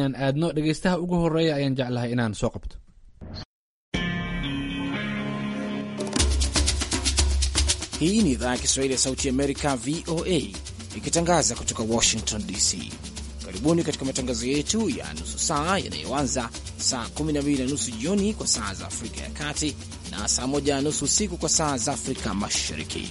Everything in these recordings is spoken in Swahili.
inaan aadno dhegaystaha ugu horeeya ayaan jeclahay inaan soo qabto Hii ni idhaa ya Kiswahili ya Sauti Amerika, VOA, ikitangaza kutoka Washington DC. Karibuni katika matangazo yetu ya nusu saa yanayoanza saa 12 na nusu jioni kwa saa za Afrika ya Kati na saa 1 na nusu usiku kwa saa za Afrika Mashariki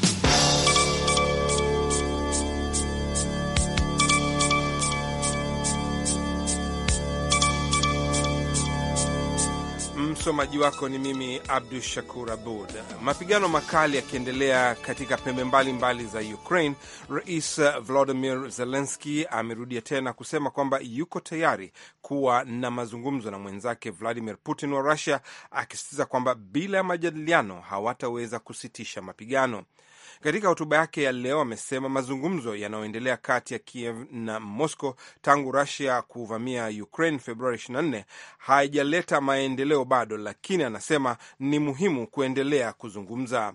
Msomaji wako ni mimi Abdu Shakur Abud. Mapigano makali yakiendelea katika pembe mbalimbali mbali za Ukraine, Rais Volodymyr Zelenski amerudia tena kusema kwamba yuko tayari kuwa na mazungumzo na mwenzake Vladimir Putin wa Russia, akisisitiza kwamba bila ya majadiliano hawataweza kusitisha mapigano. Katika hotuba yake ya leo amesema mazungumzo yanayoendelea kati ya Kiev na Moscow tangu Rusia kuvamia Ukraine Februari 24 haijaleta maendeleo bado, lakini anasema ni muhimu kuendelea kuzungumza.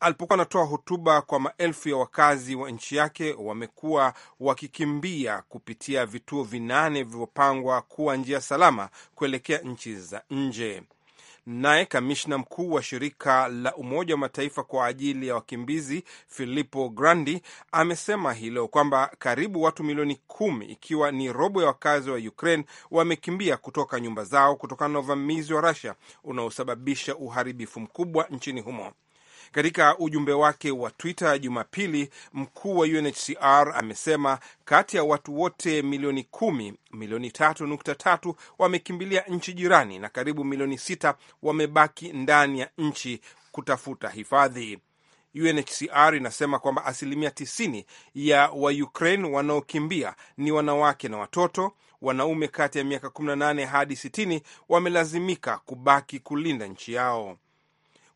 Alipokuwa anatoa hotuba kwa maelfu ya wakazi wa nchi yake wamekuwa wakikimbia kupitia vituo vinane vilivyopangwa kuwa njia salama kuelekea nchi za nje. Naye kamishna mkuu wa shirika la Umoja wa Mataifa kwa ajili ya wakimbizi Filippo Grandi amesema hilo kwamba karibu watu milioni kumi, ikiwa ni robo ya wakazi wa Ukraine, wamekimbia kutoka nyumba zao kutokana na uvamizi wa Russia unaosababisha uharibifu mkubwa nchini humo. Katika ujumbe wake wa Twitter Jumapili, mkuu wa UNHCR amesema kati ya watu wote milioni kumi, milioni tatu nukta tatu wamekimbilia nchi jirani na karibu milioni sita wamebaki ndani ya nchi kutafuta hifadhi. UNHCR inasema kwamba asilimia 90 ya Waukraine wanaokimbia ni wanawake na watoto. Wanaume kati ya miaka 18 hadi 60 wamelazimika kubaki kulinda nchi yao.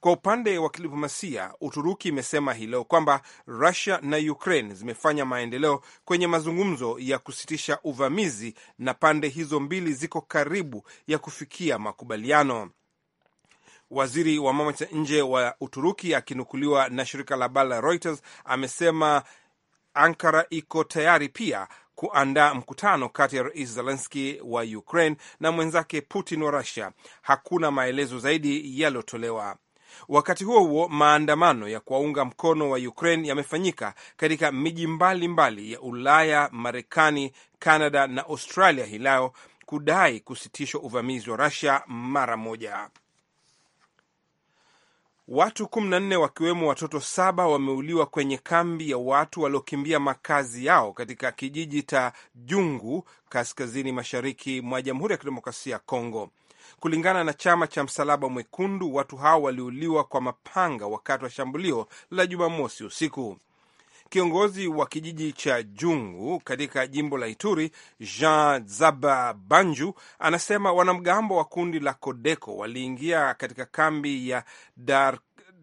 Kwa upande wa kidiplomasia, Uturuki imesema hii leo kwamba Rusia na Ukraine zimefanya maendeleo kwenye mazungumzo ya kusitisha uvamizi na pande hizo mbili ziko karibu ya kufikia makubaliano. Waziri wa mambo ya nje wa Uturuki akinukuliwa na shirika la habari la Reuters amesema Ankara iko tayari pia kuandaa mkutano kati ya rais Zelenski wa Ukraine na mwenzake Putin wa Russia. Hakuna maelezo zaidi yaliyotolewa. Wakati huo huo, maandamano ya kuwaunga mkono wa Ukraine yamefanyika katika miji mbalimbali ya Ulaya, Marekani, canada na Australia hii leo kudai kusitishwa uvamizi wa rasia mara moja. Watu kumi na nne wakiwemo watoto saba wameuliwa kwenye kambi ya watu waliokimbia makazi yao katika kijiji cha Jungu kaskazini mashariki mwa Jamhuri ya Kidemokrasia ya Kongo. Kulingana na chama cha Msalaba Mwekundu, watu hao waliuliwa kwa mapanga wakati wa shambulio la Jumamosi usiku. Kiongozi wa kijiji cha Jungu katika jimbo la Ituri, Jean Zaba Banju, anasema wanamgambo wa kundi la Kodeko waliingia katika kambi ya Dar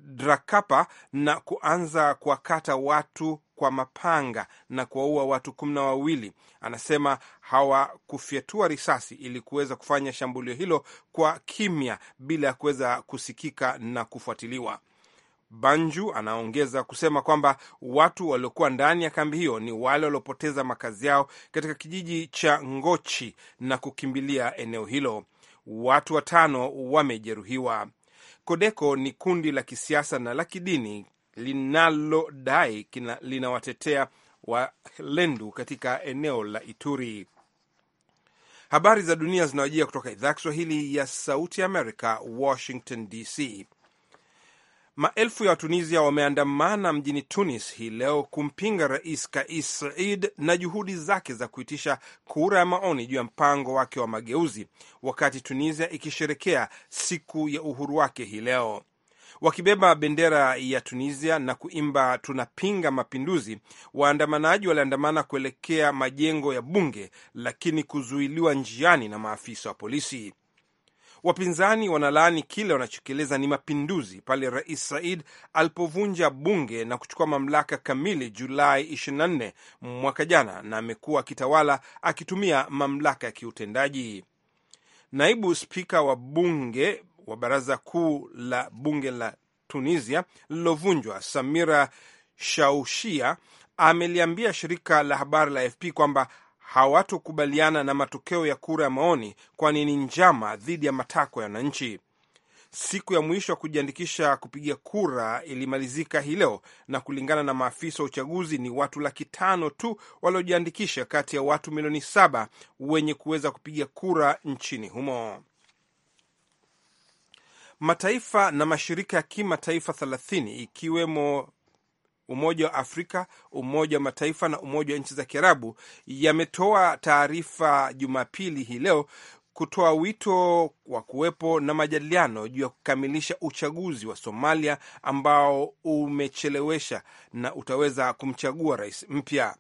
Drakapa na kuanza kuwakata watu kwa mapanga na kuwaua watu kumi na wawili. Anasema hawakufyatua risasi ili kuweza kufanya shambulio hilo kwa kimya bila ya kuweza kusikika na kufuatiliwa. Banju anaongeza kusema kwamba watu waliokuwa ndani ya kambi hiyo ni wale waliopoteza makazi yao katika kijiji cha Ngochi na kukimbilia eneo hilo. Watu watano wamejeruhiwa. Kodeko ni kundi la kisiasa na la kidini linalodai linawatetea walendu katika eneo la Ituri. Habari za dunia zinawajia kutoka idhaa ya Kiswahili ya Sauti ya Amerika, Washington DC. Maelfu ya Watunisia wameandamana mjini Tunis hii leo kumpinga Rais Kais Saied na juhudi zake za kuitisha kura ya maoni juu ya mpango wake wa mageuzi, wakati Tunisia ikisherekea siku ya uhuru wake hii leo wakibeba bendera ya Tunisia na kuimba tunapinga mapinduzi. Waandamanaji waliandamana kuelekea majengo ya bunge, lakini kuzuiliwa njiani na maafisa wa polisi. Wapinzani wanalaani kile wanachokieleza ni mapinduzi pale Rais Said alipovunja bunge na kuchukua mamlaka kamili Julai 24 mwaka jana, na amekuwa akitawala akitumia mamlaka ya kiutendaji. Naibu spika wa bunge wa baraza kuu la bunge la Tunisia lililovunjwa, Samira Shaushia ameliambia shirika la habari la AFP kwamba hawatokubaliana na matokeo ya kura ya maoni, kwani ni njama dhidi ya matakwa ya wananchi. Siku ya mwisho ya kujiandikisha kupiga kura ilimalizika hii leo, na kulingana na maafisa wa uchaguzi ni watu laki tano tu waliojiandikisha kati ya watu milioni saba wenye kuweza kupiga kura nchini humo. Mataifa na mashirika ya kimataifa thelathini ikiwemo Umoja wa Afrika, Umoja wa Mataifa na Umoja wa Nchi za Kiarabu yametoa taarifa Jumapili hii leo kutoa wito wa kuwepo na majadiliano juu ya kukamilisha uchaguzi wa Somalia ambao umechelewesha na utaweza kumchagua rais mpya.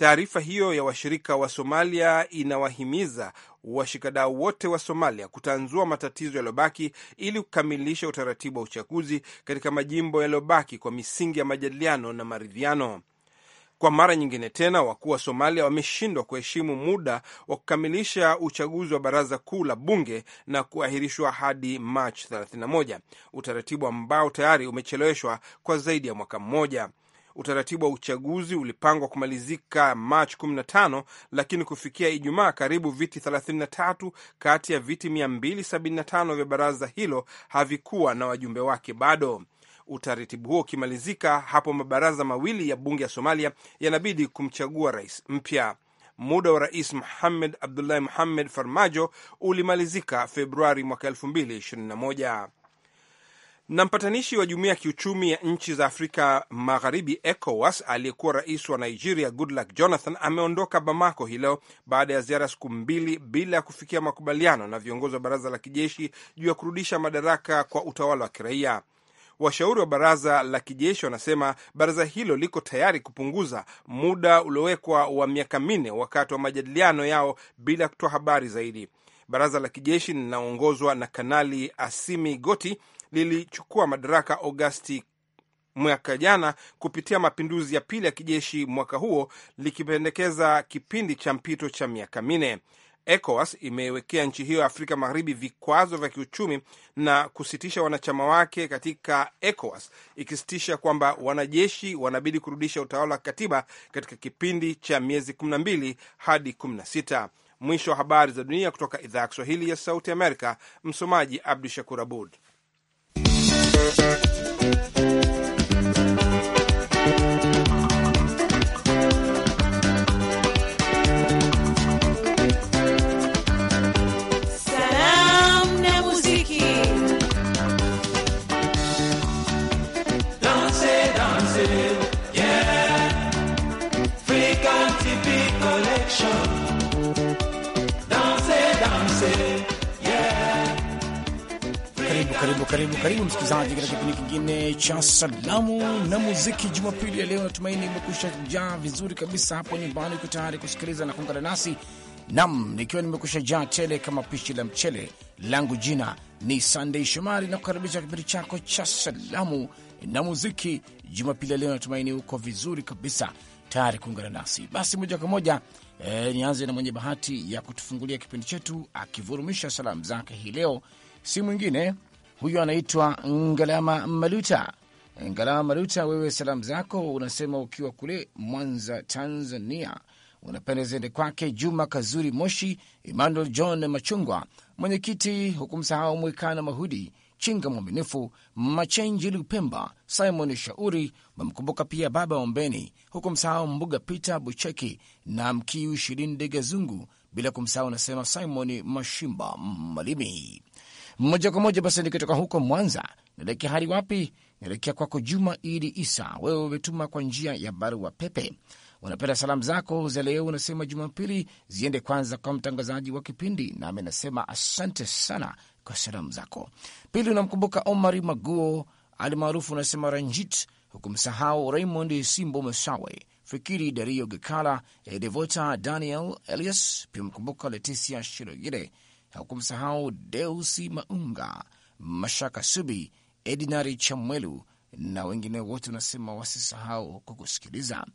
Taarifa hiyo ya washirika wa Somalia inawahimiza washikadau wote wa Somalia kutanzua matatizo yaliyobaki ili kukamilisha utaratibu wa uchaguzi katika majimbo yaliyobaki kwa misingi ya majadiliano na maridhiano. Kwa mara nyingine tena, wakuu wa Somalia wameshindwa kuheshimu muda wa kukamilisha uchaguzi wa baraza kuu la bunge na kuahirishwa hadi Machi 31, utaratibu ambao tayari umecheleweshwa kwa zaidi ya mwaka mmoja utaratibu wa uchaguzi ulipangwa kumalizika Machi 15 lakini kufikia Ijumaa, karibu viti 33 kati ya viti 275 vya baraza hilo havikuwa na wajumbe wake bado. Utaratibu huo ukimalizika, hapo mabaraza mawili ya bunge ya Somalia yanabidi kumchagua rais mpya. Muda wa rais Mohamed Abdullahi Mohamed Farmajo ulimalizika Februari mwaka 2021. Na mpatanishi wa jumuiya ya kiuchumi ya nchi za Afrika Magharibi, ECOWAS, aliyekuwa rais wa Nigeria Goodluck Jonathan ameondoka Bamako hii leo baada ya ziara siku mbili bila ya kufikia makubaliano na viongozi wa baraza la kijeshi juu ya kurudisha madaraka kwa utawala wa kiraia. Washauri wa baraza la kijeshi wanasema baraza hilo liko tayari kupunguza muda uliowekwa wa miaka minne wakati wa majadiliano yao bila kutoa habari zaidi. Baraza la kijeshi linaongozwa na Kanali Asimi Goti lilichukua madaraka Agosti mwaka jana kupitia mapinduzi ya pili ya kijeshi mwaka huo, likipendekeza kipindi cha mpito cha miaka minne. ECOWAS imewekea nchi hiyo ya Afrika Magharibi vikwazo vya kiuchumi na kusitisha wanachama wake katika ECOWAS, ikisitisha kwamba wanajeshi wanabidi kurudisha utawala wa katiba katika kipindi cha miezi 12 hadi 16. Mwisho wa habari za dunia kutoka idhaa ya Kiswahili ya Sauti Amerika. Msomaji Abdu Shakur Abud. Karibu, karibu, karibu, karibu msikilizaji katika kipindi kingine cha salamu na muziki jumapili ya leo. Natumaini imekusha jaa vizuri kabisa hapo nyumbani, uko tayari kusikiliza na kuungana nasi nam, nikiwa nimekusha jaa tele kama pishi la mchele langu. Jina ni sandei Shomari na kukaribisha kipindi chako cha salamu na muziki jumapili ya leo. Natumaini uko vizuri kabisa tayari kuungana nasi, basi moja kwa moja E, nianze na mwenye bahati ya kutufungulia kipindi chetu akivurumisha salamu zake hii leo, si mwingine huyu, anaitwa Ngalama Maluta. E, Ngalama Maluta, wewe salamu zako unasema ukiwa kule Mwanza, Tanzania, unapenda ziende kwake Juma Kazuri Moshi, Emmanuel John Machungwa, mwenyekiti hukumsahau Mwekana Mahudi, Chinga Mwaminifu, Machenji Lupemba, Simon Shauri. Mamkumbuka pia Baba Ombeni, huku msahau Mbuga Peter Bucheki na Mkiu Shirini Zungu, bila kumsahau anasema Simon Mashimba Malimi. Moja kwa moja basi nikitoka huko Mwanza naelekea hadi wapi? Naelekea kwako Juma Idi Isa. Wewe umetuma kwa njia ya barua pepe, unapenda salamu zako za leo, unasema Jumapili ziende kwanza kwa mtangazaji wa kipindi, nami nasema asante sana kwa salamu zako. Pili, unamkumbuka Omari Maguo alimaarufu unasema Ranjit, hukumsahau Raymond Simbo Masawe, Fikiri Dario Gikala, Devota Daniel Elias, pia mkumbuka Leticia Shirogire, hukumsahau Deusi Maunga, Mashaka Subi, Edinari Chamwelu na wengine wote unasema wasisahau kukusikiliza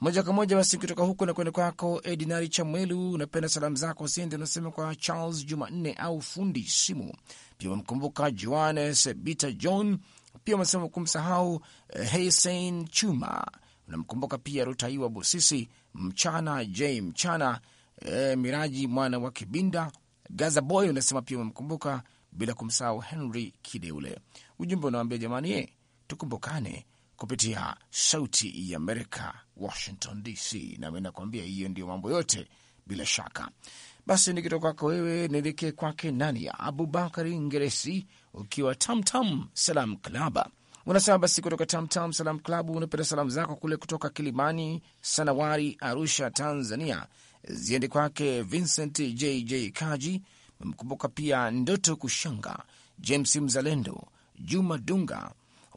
moja kwa moja. Basi kutoka huko na kwenda kwako Edinari Chamwelu, unapenda salamu zako siende, unasema kwa Charles Jumanne au fundi simu, pia wamkumbuka Johannes Bita John, pia wamesema kumsahau eh, Heisein Chuma, unamkumbuka pia Rutaiwa Busisi, Mchana J Mchana, eh, Miraji mwana wa Kibinda Gazaboy, unasema pia wamkumbuka bila kumsahau Henry Kideule. Ujumbe unawambia jamani, eh, tukumbukane kupitia Sauti ya Amerika, Washington DC, nami nakuambia hiyo ndio mambo yote bila shaka. Basi nikitoka kwako wewe nielekee kwake nani ya Abubakari Ngeresi, ukiwa Tamtam Salam Klaba. Unasema basi kutoka Tamtam Salam Klabu unapenda salamu zako kule kutoka Kilimani Sanawari, Arusha, Tanzania, ziende kwake Vincent JJ Kaji, memkumbuka pia Ndoto Kushanga, James Mzalendo, Juma Dunga,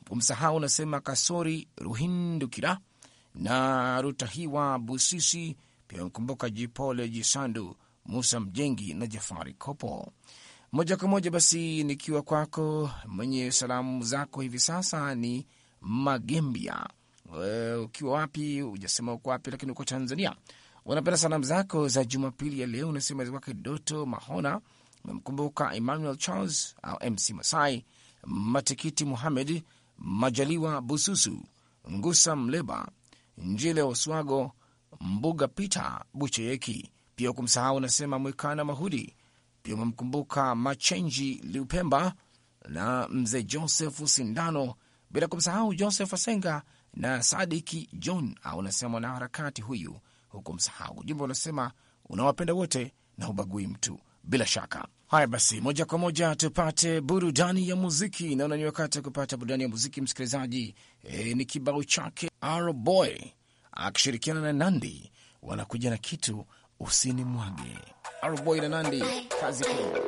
kumsahau unasema Kasori Ruhindukira na Rutahiwa Busisi. Pia mkumbuka Jipole Jisandu, Musa Mjengi na Jafari Kopo. Moja kwa moja basi nikiwa kwako mwenye salamu zako hivi sasa ni Magembia. We, ukiwa wapi? Ujasema uko wapi, lakini uko Tanzania. Unapenda salamu zako za Jumapili ya leo, unasema wake Doto Mahona, umemkumbuka Emmanuel Charles au MC Masai, Matikiti Muhamed Majaliwa Bususu, Ngusa Mleba, Njile Oswago, Mbuga Pita Bucheyeki, pia kumsahau unasema Mwikana Mahudi, pia umemkumbuka Machenji Liupemba na mzee Joseph Sindano, bila kumsahau Joseph Asenga na Sadiki John, au unasema harakati huyu hukumsahau. Ujumbe unasema unawapenda wote na ubagui mtu. Bila shaka Haya basi, moja kwa moja tupate burudani ya muziki. Naona ni wakati wa kupata burudani ya muziki msikilizaji. E, ni kibao chake R Boy akishirikiana na Nandi wanakuja na kitu usini mwage. R Boy na Nandi, kazi kubwa.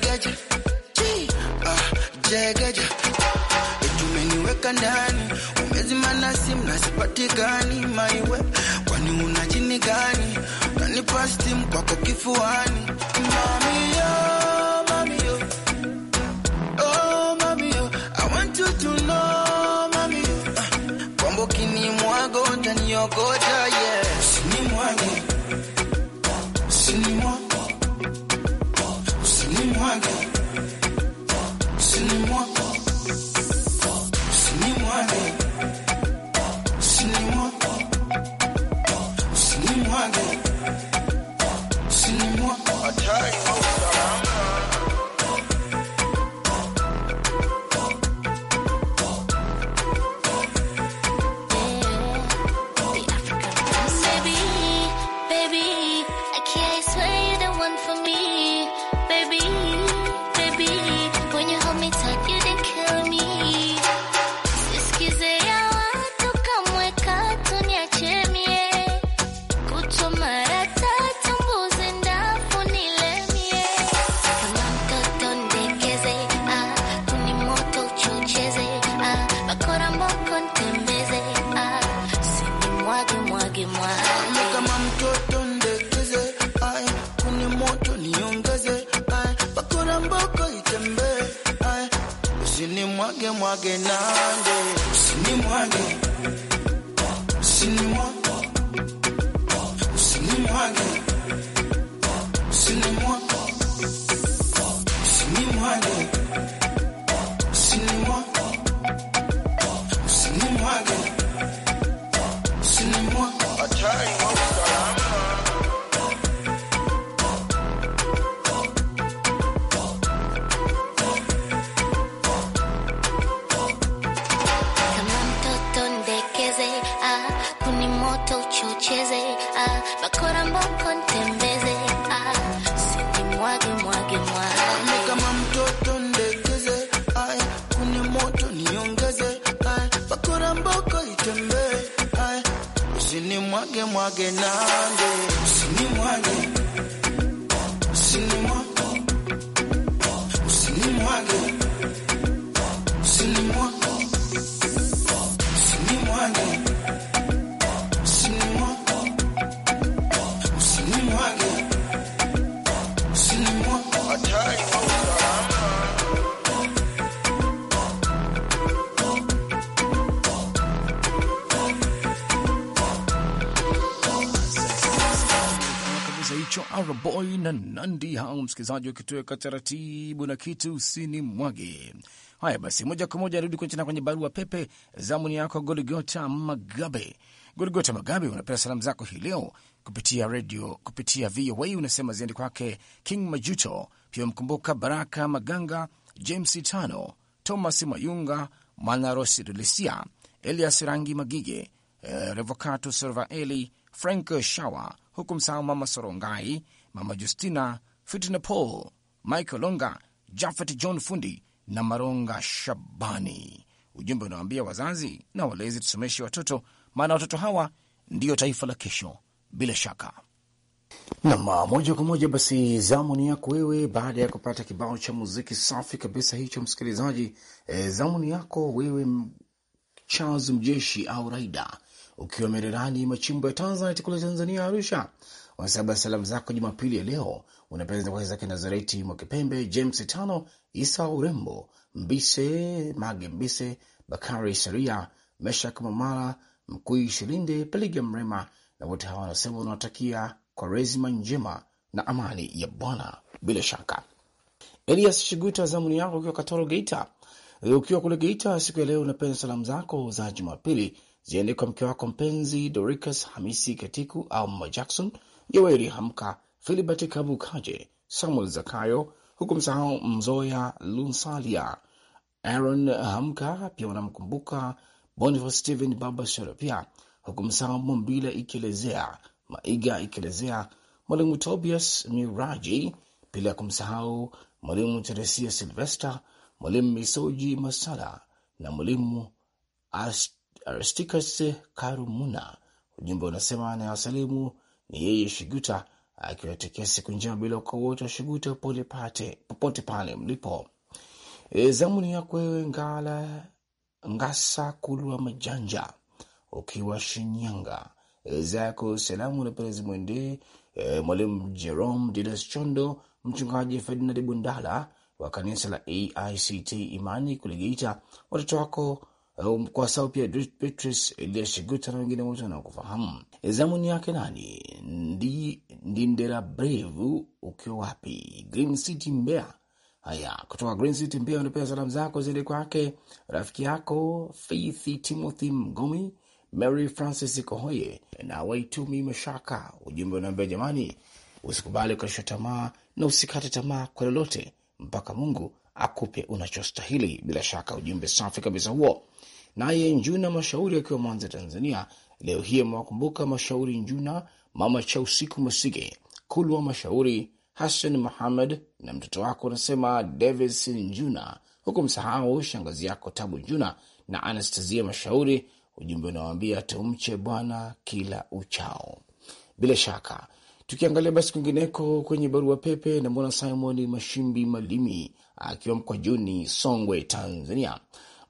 yeah geja umeniweka ndani, umezima na simu na sipatikani. Maiwe kwani una jini gani? Kanipa stimu kwako kifuani, mami yo. Kwamba ukinimwaga utaniogoja, yeah. time. na Nandi hao, msikilizaji wakitoweka taratibu na kitu usini mwage. Haya basi, moja kwa moja arudi tena kwenye barua pepe. Zamuni yako Goligota Magabe. Goligota Magabe, unapea salamu zako hii leo kupitia redio, kupitia VOA, unasema ziende kwake King Majuto, pia mkumbuka Baraka Maganga, James Tano, Thomas Mayunga, Mwanarosi Dulesia, Elias Rangi Magige, eh, Revocato Servaeli, Frank Shawa, huku msahau Mama Sorongai Mama Justina Paul, Michael Longa, Jafet John Fundi na Maronga Shabani. Ujumbe unawaambia wazazi na walezi, tusomeshe watoto, maana watoto hawa ndiyo taifa la kesho, bila shaka. Nam moja kwa moja basi, zamu ni yako wewe, baada ya kupata kibao cha muziki safi kabisa hicho, msikilizaji. E, zamu ni yako wewe, Charles Mjeshi au Raida, ukiwa Mererani Machimbo ya Tanzanite kule Tanzania, Arusha. Kwa salamu zako Jumapili ya leo unapenda kwake zake Nazareti Mwakipembe, James Tano, Isa Urembo, Mbise Mage, Mbise Bakari, Saria Meshak, Mamala Mkui, Shilinde Peliga, Mrema na wote hawa wanasema unawatakia kwa rezima njema na amani ya Bwana. Bila shaka Elias Shiguta, zamuni yako ukiwa Katoro Geita, ukiwa kule Geita siku ya leo unapenda salamu zako za Jumapili ziende kwa mke wako mpenzi Doricas Hamisi Katiku au Mama Jackson Yoweri Hamka, Filibert Kabukaje, Samuel Zakayo, huku msahau Mzoya Lunsalia, Aaron Hamka. Pia wanamkumbuka Boniface Stephen Baba Sharapia, huku msahau Mombila Ikelezea, Maiga Ikelezea, Mwalimu Tobias Miraji, bila kumsahau Mwalimu Teresia Silvester, Mwalimu Misoji Masala na Mwalimu Aristicus Karumuna. Ujumbe unasema anayewasalimu ni yeye Shiguta akiwatekea siku njema bila ukawote wa Shiguta popote pale mlipo. E, zamuni yako wewe Ngala Ngasa Kulwa Majanja ukiwa Shinyanga. E, zako salamu na pele zimwendee mwalimu Jerome Didas Chondo, mchungaji Ferdinand Bundala wa kanisa la AICT Imani kule Geita, watoto wako kwa sababu pia Beatrice Eliyashiguta na wengine wote wanaokufahamu. Eh, zamuni yake nani ndi Ndindera Brevu, ukiwa wapi? Green City Mbeya. Haya, kutoka Green City Mbeya unapewa salamu zako ziende kwake rafiki yako Faith Timothy Mgomi, Mary Francis Kohoye na Waitumi Mashaka. Ujumbe unaambia jamani, usikubali ukashwa tamaa na usikate tamaa kwa lolote mpaka Mungu akupe unachostahili. Bila shaka ujumbe safi kabisa huo. Naye Njuna Mashauri akiwa Mwanza, Tanzania, leo hii amewakumbuka Mashauri Njuna, Mama usiku Masige, Kulwa Mashauri, Hassan Muhammad na mtoto wako anasema Davis Njuna, huku msahau shangazi yako Tabu Njuna na Anastasia Mashauri. Ujumbe unawaambia tumche Bwana kila uchao. Bila shaka tukiangalia basi kwingineko kwenye barua pepe, namwona Simon Mashimbi Malimi akiwa Mkwajuni, Songwe, Tanzania,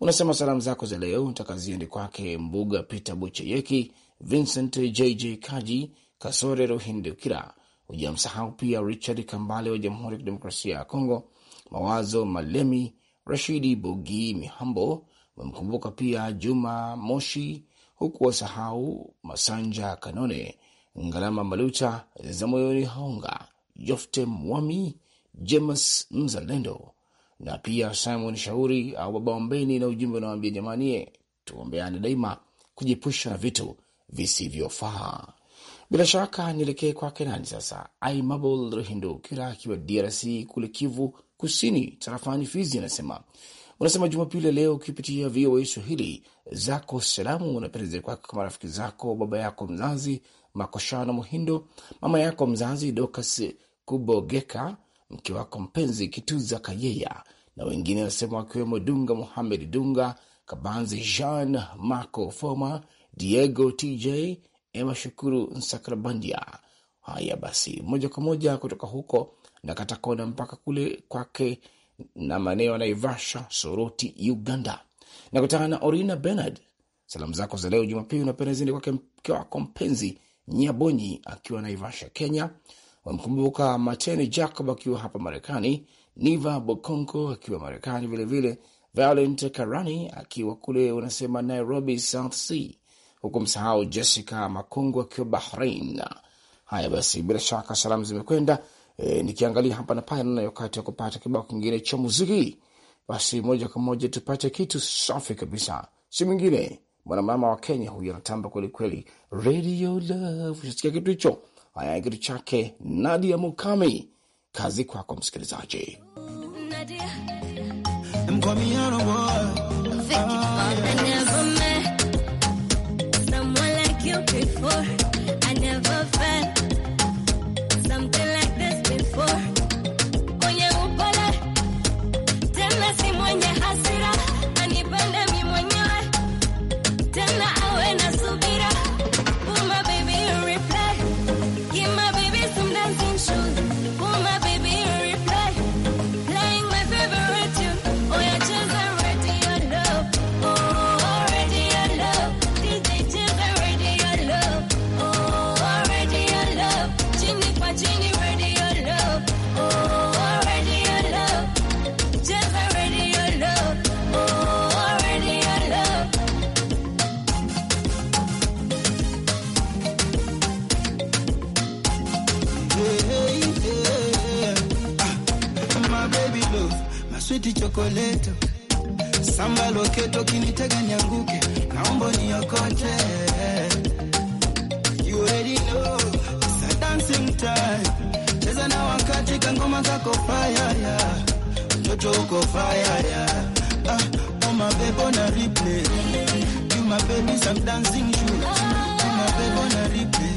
Unasema salamu zako za leo unataka ziende kwake Mbuga Peter Bucheyeki, Vincent JJ Kaji, Kasore Rohindukira. Hujamsahau pia Richard Kambale wa Jamhuri ya Kidemokrasia ya Kongo, Mawazo Malemi, Rashidi Bogi Mihambo. Umemkumbuka pia Juma Moshi, huku wasahau Masanja Kanone, Ngalama Maluta, za moyoni Haunga Jofte Mwami, James Mzalendo na pia Simon Shauri au Baba Ombeni, na ujumbe unawaambia jamani, eh, tuombeane daima kujiepusha na vitu visivyofaa. Bila shaka nielekee kwake nani sasa, Aimable Rehindokira akiwa DRC kule Kivu Kusini, tarafani Fizi, anasema unasema Jumapili leo ukipitia VOA Swahili zako salamu unapendeza kwake kwa marafiki zako, baba yako mzazi Makoshana Muhindo, mama yako mzazi Dokas Kubogeka mke wako mpenzi Kituza Kayeya na wengine wanasema, wakiwemo Dunga Muhamed Dunga, Kabanzi Jean Marco Foma, Diego TJ, Ema Shukuru Nsakrabandia. Haya basi, moja kwa moja kutoka huko na katakona mpaka kule kwake na maneo Naivasha, Soroti, Uganda, na kutana na Orina Bernard. Salamu zako za leo Jumapili unapenda zindi kwake mke wako mpenzi Nyabonyi akiwa Naivasha, Kenya wamkumbuka Mateni Jacob akiwa hapa Marekani, Niva Bokonko akiwa Marekani vilevile, Violent Karani akiwa kule unasema Nairobi South Sea, huku msahau Jessica Makungu akiwa Bahrain. Haya basi, bila shaka salamu zimekwenda. E, nikiangalia hapa na pale naona wakati wa kupata kibao kingine cha muziki. Basi moja kwa moja tupate kitu safi kabisa, si mwingine mwanamama wa Kenya huyu, anatamba kwelikweli. Radio Love, utasikia kitu hicho haya kitu chake Nadia Mukami. Kazi kwako msikilizaji. chokoleto samba loketo kinitega nyanguke, naomba niokote. You already know it's a dancing time, cheza na wakati kangoma kako fire ya mtoto uko fire ya ah, oh my baby on a replay, you my baby some dancing shoes, you my baby on a replay,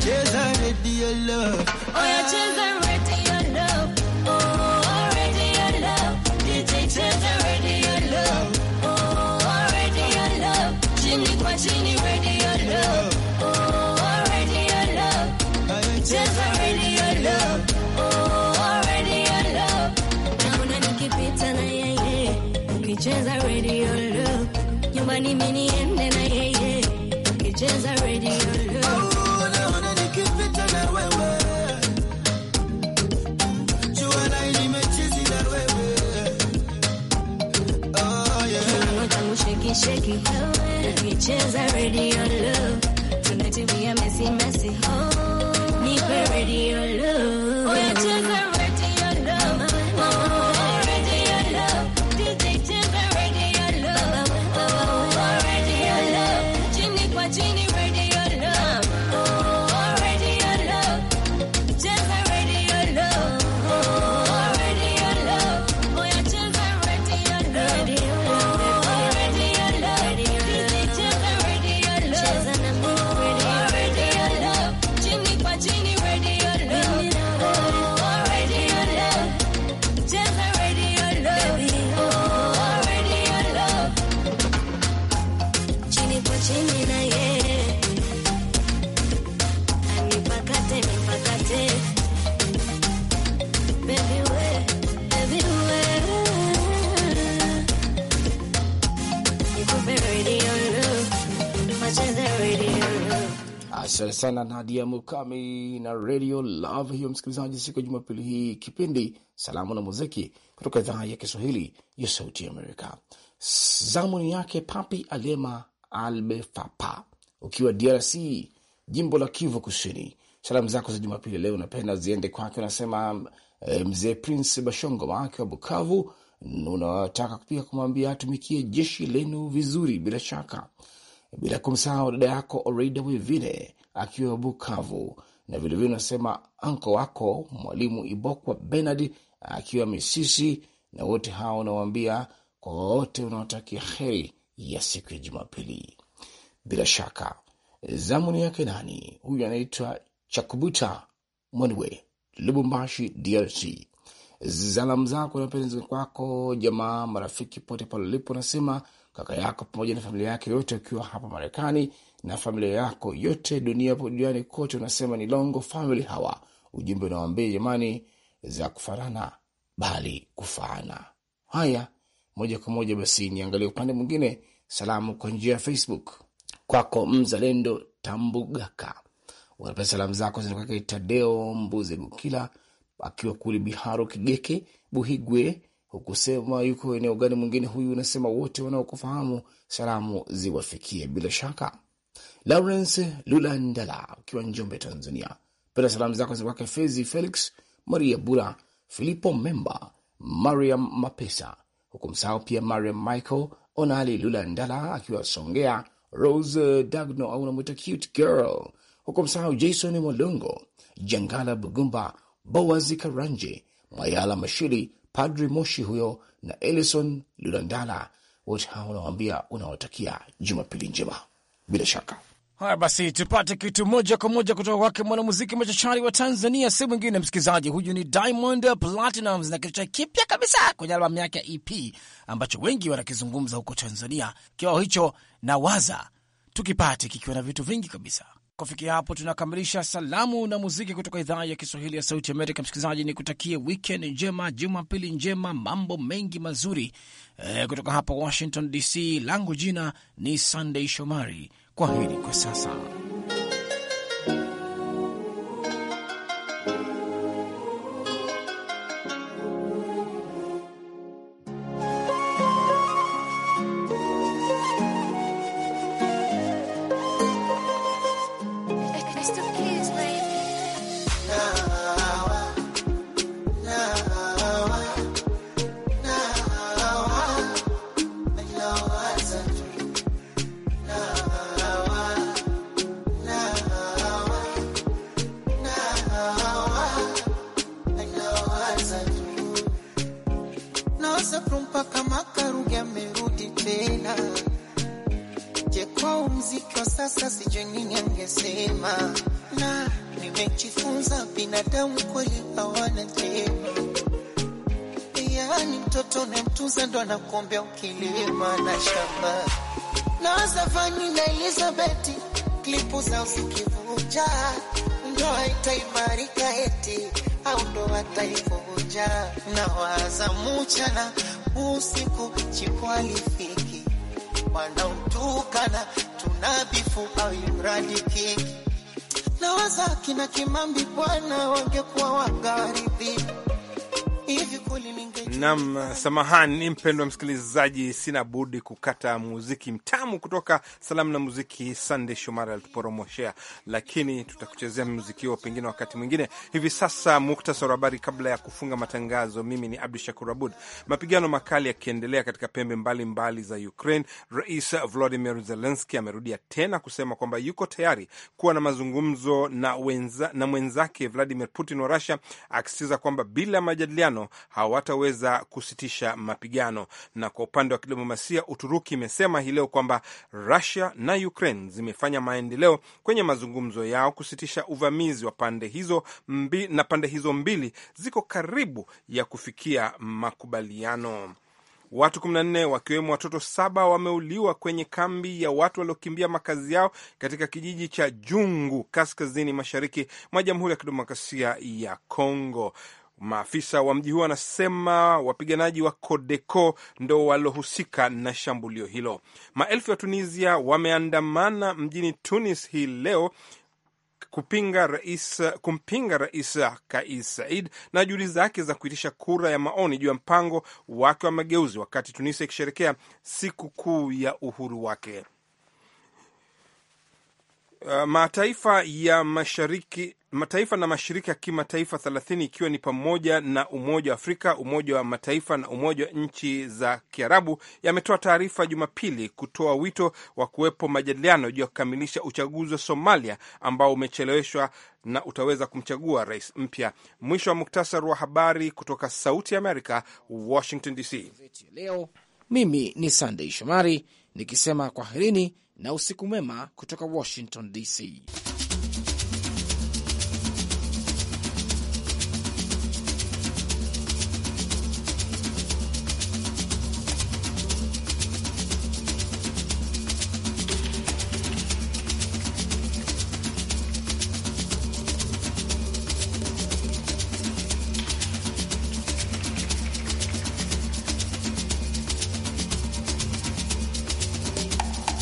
cheza ready your love, oh yeah cheza ready ukicheza radio lo nyumbani mimi niende na yeye ukicheza radio lo Shake hewe radio lo tunatimia mesi mesi ho nipe radio lo sana Nadia Mukami na Radio Love hiyo, msikilizaji, siku ya Jumapili hii, kipindi Salamu na Muziki kutoka idhaa ya Kiswahili ya Sauti Amerika. Zamuni yake Papi Alema Albefapa, ukiwa DRC, jimbo la Kivu Kusini. Salamu zako za Jumapili leo napenda ziende kwake, unasema e, mzee Prince Bashongo wake wa Bukavu. Unataka pia kumwambia atumikie jeshi lenu vizuri, bila shaka bila kumsahau dada yako Orida Wevine, akiwa Bukavu, na vilevile unasema anko wako mwalimu Ibokwa Benard akiwa Misisi, na wote hawa unawaambia kwa wote unaotakia heri ya siku ya Jumapili. Bila shaka zamuni yake nani huyu, anaitwa Chakubuta Mwenwe, Lubumbashi, DRC. Salamu zako na kwako jamaa, marafiki pote pale ulipo, nasema kaka yako pamoja na familia yake yote wakiwa hapa Marekani na familia yako yote dunia duniani kote. Unasema ni Longo Family hawa, ujumbe unawaambia jamani, za kufarana bali kufaana. Haya, moja kwa moja basi niangalie upande mwingine, salamu kwa njia ya Facebook. Kwako mzalendo Tambugaka unapea salamu zako zinakwake Tadeo Mbuze Gukila akiwa kule Biharo Kigeke Buhigwe, hukusema yuko eneo gani mwingine huyu. Unasema wote wanaokufahamu salamu ziwafikie bila shaka Lawrence Lulandala ukiwa Njombe, Tanzania, Pena salamu zako zikwake Fezi Felix, Maria Bura, Filipo Memba, Mariam Mapesa, huku msahau pia Mariam Michael Onali Lulandala akiwa Songea, Rose Dagno au namwita cute girl, huku msahau Jason Molongo, Jangala Bugumba, Boazi Karanje, Mayala Mashili, Padri Moshi huyo na Elison Lulandala, wote hawa unawambia unawatakia Jumapili njema bila shaka. Haya basi, tupate kitu moja kwa moja kutoka kwake mwanamuziki machachari wa Tanzania, si mwingine msikilizaji, huyu ni Diamond Platnumz na kitu cha kipya kabisa kwenye albamu yake ya EP ambacho wengi wanakizungumza huko Tanzania. Kibao hicho na waza tukipate kikiwa na vitu vingi kabisa. Kufikia hapo tunakamilisha salamu na muziki kutoka idhaa ya Kiswahili ya Sauti Amerika. Msikilizaji, ni kutakie weekend njema, jumapili njema, mambo mengi mazuri. E, kutoka hapa Washington DC, langu jina ni Sunday Shomari 关于你，怪潇洒。anauza ndo anakuombea ukilima na shamba na Safani na Elizabeti, klipu za usikivuja ndoa itaimarika eti au ndo taivunja. Na waza muchana usiku chikwalifiki wanaotukana tunabifu au imradi na waza kina Kimambi bwana wangekuwa wagaridhi Nam, samahani mpendwa msikilizaji, sina budi kukata muziki mtamu kutoka salamu na muziki. sandey Shomari alituporomoshea lakini tutakuchezea muziki huo pengine wakati mwingine. Hivi sasa muktasari wa habari kabla ya kufunga matangazo. Mimi ni Abdu Shakur Abud. Mapigano makali yakiendelea katika pembe mbalimbali mbali za Ukraine, Rais Volodimir Zelenski amerudia tena kusema kwamba yuko tayari kuwa na mazungumzo na, wenza, na mwenzake Vladimir Putin wa Rusia, akisitiza kwamba bila majadiliano mapigano hawataweza kusitisha mapigano. Na kwa upande wa kidiplomasia, Uturuki imesema hii leo kwamba Rusia na Ukraine zimefanya maendeleo kwenye mazungumzo yao kusitisha uvamizi wa pande hizo mbi, na pande hizo mbili ziko karibu ya kufikia makubaliano. Watu 14 wakiwemo watoto saba wameuliwa kwenye kambi ya watu waliokimbia makazi yao katika kijiji cha Jungu kaskazini mashariki mwa Jamhuri ya Kidemokrasia ya Kongo. Maafisa wa mji huo wanasema wapiganaji wa Codeco ndo walohusika na shambulio hilo. Maelfu ya Tunisia wameandamana mjini Tunis hii leo kupinga rais, kumpinga Rais Kais Said na juhudi zake za kuitisha kura ya maoni juu ya mpango wake wa mageuzi, wakati Tunisia ikisherekea siku kuu ya uhuru wake. Uh, mataifa ya mashariki mataifa na mashirika ya kimataifa 30 ikiwa ni pamoja na Umoja wa Afrika, Umoja wa Mataifa na Umoja wa Nchi za Kiarabu yametoa taarifa Jumapili kutoa wito wa kuwepo majadiliano juu ya kukamilisha uchaguzi wa Somalia ambao umecheleweshwa na utaweza kumchagua rais mpya. Mwisho wa muktasari wa habari kutoka Sauti ya Amerika, Washington DC. Leo mimi ni Sandei Shomari nikisema kwaherini na usiku mwema kutoka Washington DC.